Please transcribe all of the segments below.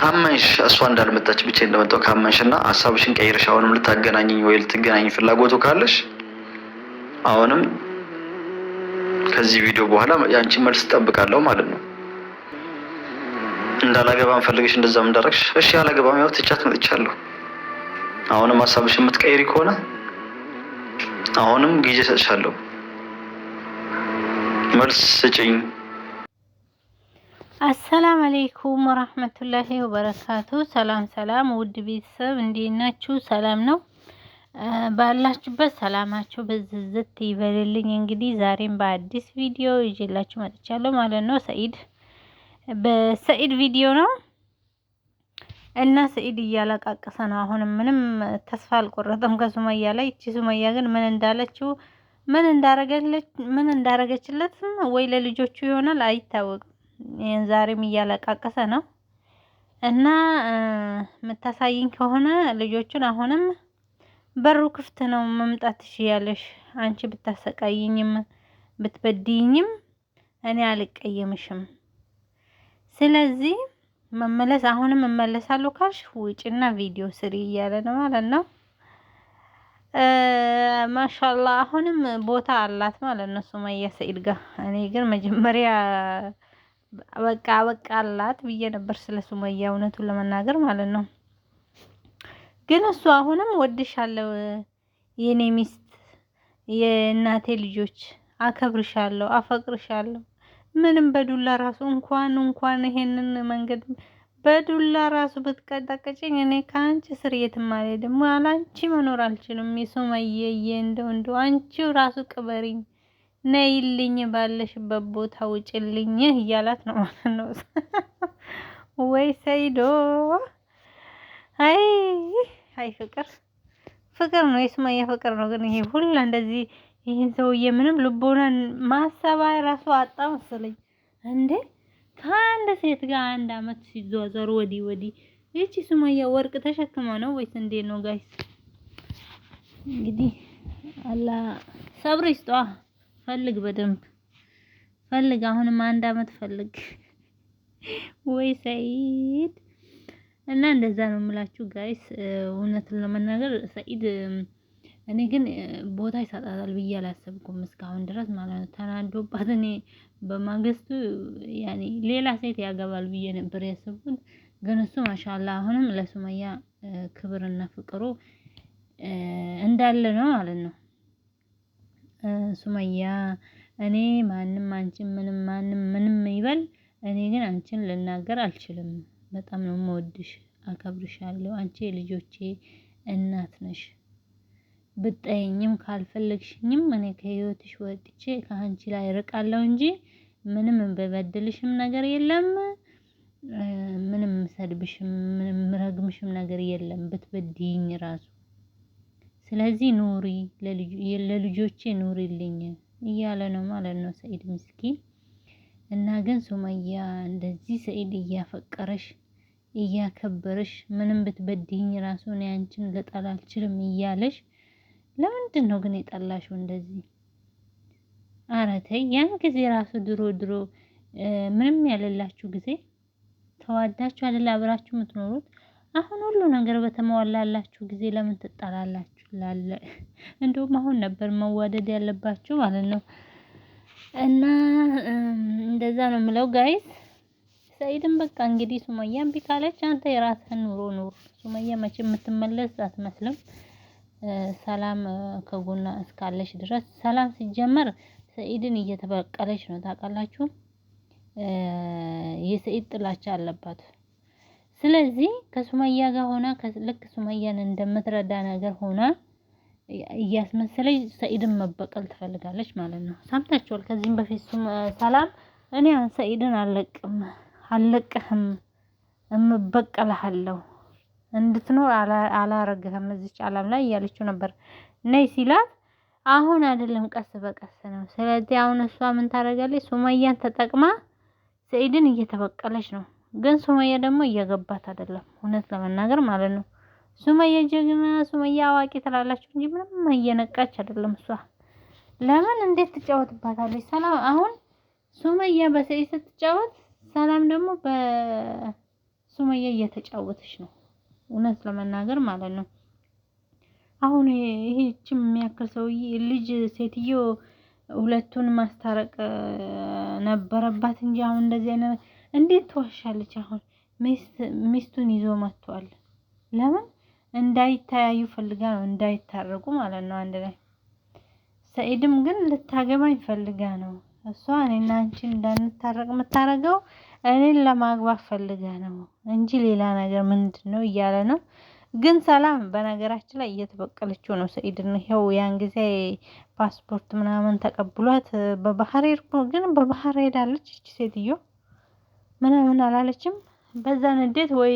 ካመንሽ እሷ እንዳልመጣች ብቻ እንደመጣው ካመንሽ እና ሀሳብሽን ቀይርሽ አሁንም ልታገናኝኝ ወይ ልትገናኝ ፍላጎቱ ካለሽ አሁንም ከዚህ ቪዲዮ በኋላ የአንቺ መልስ እጠብቃለሁ ማለት ነው። እንዳላገባም ፈልገሽ እንደዛም እንዳረግሽ እሺ፣ ያላገባም ያው ትቻት መጥቻለሁ። አሁንም ሀሳብሽን የምትቀይሪ ከሆነ አሁንም ጊዜ ሰጥሻለሁ። መልስ ስጭኝ። አሰላም አሌይኩም ወረህመቱላሂ ወበረካቱ። ሰላም ሰላም፣ ውድ ቤተሰብ እንዴት ናችሁ? ሰላም ነው ባላችሁበት ሰላማችሁ ብዝዝት ይበልልኝ። እንግዲህ ዛሬም በአዲስ ቪዲዮ ይዤላችሁ መጥቻለሁ ማለት ነው። ሰኢድ በሰኢድ ቪዲዮ ነው እና ሰኢድ እያለቃቀሰ ነው። አሁንም ምንም ተስፋ አልቆረጠም ከሱመያ ላይ። እቺ ሱመያ ግን ምን እንዳለችው ምን እንዳረገችለት ወይ ለልጆቹ ይሆናል አይታወቅም ይህን ዛሬም እያለቃቀሰ ነው እና የምታሳይኝ ከሆነ ልጆቹን አሁንም በሩ ክፍት ነው መምጣት ትችያለሽ። አንቺ ብታሰቃይኝም ብትበድይኝም እኔ አልቀየምሽም። ስለዚህ መመለስ አሁንም እመለሳለሁ ካልሽ ውጭና ቪዲዮ ስሪ እያለ ነው ማለት ነው። ማሻላ አሁንም ቦታ አላት ማለት ነው ሱመያ ሰኢድ ጋር። እኔ ግን መጀመሪያ በቃ አላት ብዬ ነበር ስለ ሱመያ እውነቱን ለመናገር ማለት ነው። ግን እሱ አሁንም ወድሻለሁ፣ የኔ ሚስት፣ የእናቴ ልጆች፣ አከብርሻለሁ፣ አፈቅርሻለሁ። ምንም በዱላ ራሱ እንኳን እንኳን ይሄንን መንገድ በዱላ ራሱ ብትቀጣቀጭኝ እኔ ከአንቺ ስር የትም አልሄድም፣ አላንቺ መኖር አልችልም። የሱመያ እንደው እንደው አንቺው ራሱ ቅበሪኝ ነይልኝ ባለሽበት ቦታ ውጭልኝ እያላት ነው ማለት ነው። ወይ ሰይዶ! አይ አይ ፍቅር ፍቅር ነው የሱማያ ፍቅር ነው። ግን ይሄ ሁላ እንደዚህ ይህን ሰውዬ ምንም ልቦናን ማሰባ ራሱ አጣ መሰለኝ እንዴ! ከአንድ ሴት ጋር አንድ አመት ሲዟዟሩ ወዲህ ወዲህ ይቺ ሱማያ ወርቅ ተሸክማ ነው ወይስ እንዴ ነው ጋይስ? እንግዲህ አላ ሰብር ይስጧ። ፈልግ፣ በደንብ ፈልግ። አሁንም አንድ አመት ፈልግ። ወይ ሰይድ እና እንደዛ ነው የምላችሁ ጋይስ። እውነትን ለመናገር ሰይድ እኔ ግን ቦታ ይሰጣታል ብዬ አላሰብኩም እስካሁን ድረስ ማለት ነው። ተናዶባት እኔ በማግስቱ ያኔ ሌላ ሴት ያገባል ብዬ ነበር ያሰብኩት። ግን እሱ ማሻላ አሁንም ለሱመያ ክብርና ፍቅሩ እንዳለ ነው ማለት ነው። ሱመያ እኔ ማንም አንቺን ምንም ማንም ምንም ይበል እኔ ግን አንቺን ልናገር አልችልም። በጣም ነው የምወድሽ አከብርሻለሁ አንቺ የልጆቼ እናት ነሽ። ብትጠይኝም ካልፈለግሽኝም እኔ ከህይወትሽ ወጥቼ ከአንቺ ላይ ርቃለሁ እንጂ ምንም በበድልሽም ነገር የለም። ምንም ሰድብሽም ምንም ረግምሽም ነገር የለም። ብትበድይኝ ራሱ ስለዚህ ኑሪ ለልጆቼ ኑሪልኝ እያለ ነው ማለት ነው ሰኢድ ምስኪን። እና ግን ሱመያ እንደዚህ ሰኢድ እያፈቀረሽ እያከበረሽ ምንም ብትበድኝ ራሱ እኔ አንቺን ልጠላ አልችልም እያለሽ ለምንድን ነው ግን የጠላሽው? እንደዚህ አረ ተይ። ያን ጊዜ ራሱ ድሮ ድሮ ምንም ያለላችሁ ጊዜ ተዋዳችሁ አይደል አብራችሁ የምትኖሩት። አሁን ሁሉ ነገር በተሟላላችሁ ጊዜ ለምን ትጠላላችሁ? ላለ እንደውም አሁን ነበር መዋደድ ያለባችሁ ማለት ነው። እና እንደዛ ነው የምለው ጋይስ። ሰኢድም በቃ እንግዲህ ሱመያን እምቢ ካለች አንተ የራስህን ኑሮ ኑር። ሱመያ መቼ የምትመለስ አትመስልም። ሰላም ከጎና እስካለች ድረስ ሰላም ሲጀመር ሰኢድን እየተበቀለች ነው ታውቃላችሁ። የሰኢድ ጥላቻ አለባት። ስለዚህ ከሱመያ ጋር ሆና ልክ ሱመያን እንደምትረዳ ነገር ሆና እያስመሰለች ሰኢድን መበቀል ትፈልጋለች ማለት ነው። ሰምታችኋል። ከዚህም በፊት ሰላም እኔ ሰኢድን አለቅም አለቅህም እምበቀልሃለሁ እንድትኖር አላረግህም እዚች ዓለም ላይ እያለችው ነበር። ነይ ሲላት አሁን አይደለም ቀስ በቀስ ነው። ስለዚህ አሁን እሷ ምን ታደርጋለች? ሱመያን ተጠቅማ ሰኢድን እየተበቀለች ነው። ግን ሱመያ ደግሞ እየገባት አይደለም፣ እውነት ለመናገር ማለት ነው። ሱመያ ጀግና፣ ሱመያ አዋቂ ትላላችሁ እንጂ ምንም እየነቃች አይደለም። እሷ ለምን እንዴት ትጫወትባታለች? ሰላም አሁን ሱመያ በሰይ ስትጫወት፣ ሰላም ደግሞ በሱመያ እየተጫወተች ነው፣ እውነት ለመናገር ማለት ነው። አሁን ይሄች የሚያክል ሰውዬ ልጅ ሴትዮ ሁለቱን ማስታረቅ ነበረባት እንጂ አሁን እንደዚህ አይነት እንዴት ትዋሻለች? አሁን ሚስቱን ይዞ መጥቷል። ለምን እንዳይተያዩ ፈልጋ ነው፣ እንዳይታረቁ ማለት ነው አንድ ላይ። ሰኢድም ግን ልታገባኝ ፈልጋ ነው እሷ እኔና አንቺ እንዳንታረቅ የምታረገው እኔን ለማግባት ፈልጋ ነው እንጂ ሌላ ነገር ምንድን ነው እያለ ነው። ግን ሰላም በነገራችን ላይ እየተበቀለችው ነው ሰኢድን። ይኸው ያን ጊዜ ፓስፖርት ምናምን ተቀብሏት በባህር ግን በባህር ሄዳለች እች ሴትዮ። ምንምን አላለችም። በዛ ንዴት ወይ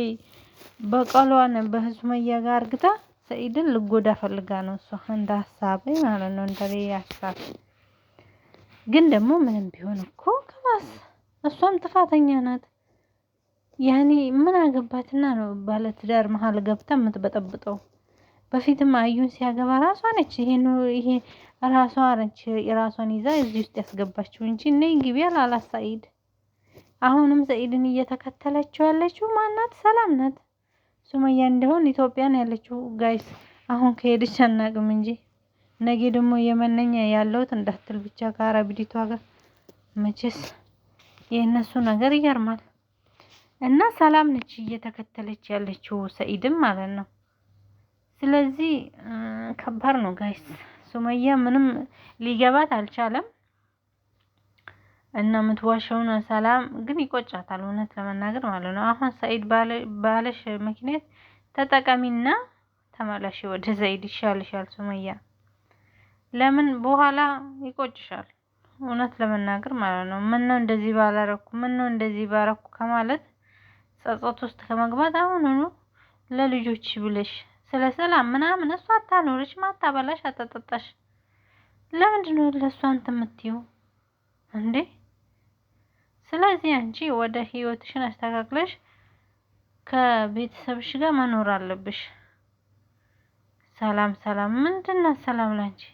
በቀሏን በሱመያ ጋር አርግታ ሰኢድን ልጎዳ ፈልጋ ነው እሷ እንደ ሀሳብ ማለት ነው እንደ ሀሳብ። ግን ደግሞ ምንም ቢሆን እኮ ከማስ እሷም ጥፋተኛ ናት። ያኔ ምን አገባትና ነው ባለትዳር መሀል ገብታ የምትበጠብጠው? በፊትም አዩን ሲያገባ ራሷ ነች ይሄን ይሄ ራሷ ነች ራሷን ይዛ እዚህ ውስጥ ያስገባችው እንጂ ነይ ግቢያ ላላ ሰኢድ አሁንም ሰኢድን እየተከተለችው ያለችው ማናት? ሰላም ናት። ሱመያ እንደሆን ኢትዮጵያን ያለችው ጋይስ፣ አሁን ከሄደች አናቅም እንጂ ነገ ደግሞ የመነኛ ያለውት እንዳትል ብቻ ከአረብዲቷ ጋር መቼስ የእነሱ ነገር ይገርማል። እና ሰላም ነች እየተከተለች ያለችው ሰኢድም ማለት ነው። ስለዚህ ከባድ ነው ጋይስ። ሱመያ ምንም ሊገባት አልቻለም። እና የምትዋሸውን ሰላም ግን ይቆጫታል፣ እውነት ለመናገር ማለት ነው። አሁን ሰኢድ ባለሽ ምክንያት ተጠቀሚና ተመላሽ ወደ ሰኢድ ይሻልሻል። ሱመያ ለምን በኋላ ይቆጭሻል፣ እውነት ለመናገር ማለት ነው። ምን ነው እንደዚህ ባላረኩ፣ ምን ነው እንደዚህ ባረኩ ከማለት ጸጸት ውስጥ ከመግባት አሁኑኑ ለልጆች ብለሽ ስለ ሰላም ምናምን እሷ አታኖረች አታበላሽ፣ አታጠጣሽ። ለምንድን ነው ለእሷ እንትን የምትይው እንዴ? ስለዚህ አንቺ ወደ ህይወትሽን አስተካክለሽ ከቤተሰብሽ ጋር መኖር አለብሽ። ሰላም ሰላም፣ ምንድን ነው ሰላም ላንቺ?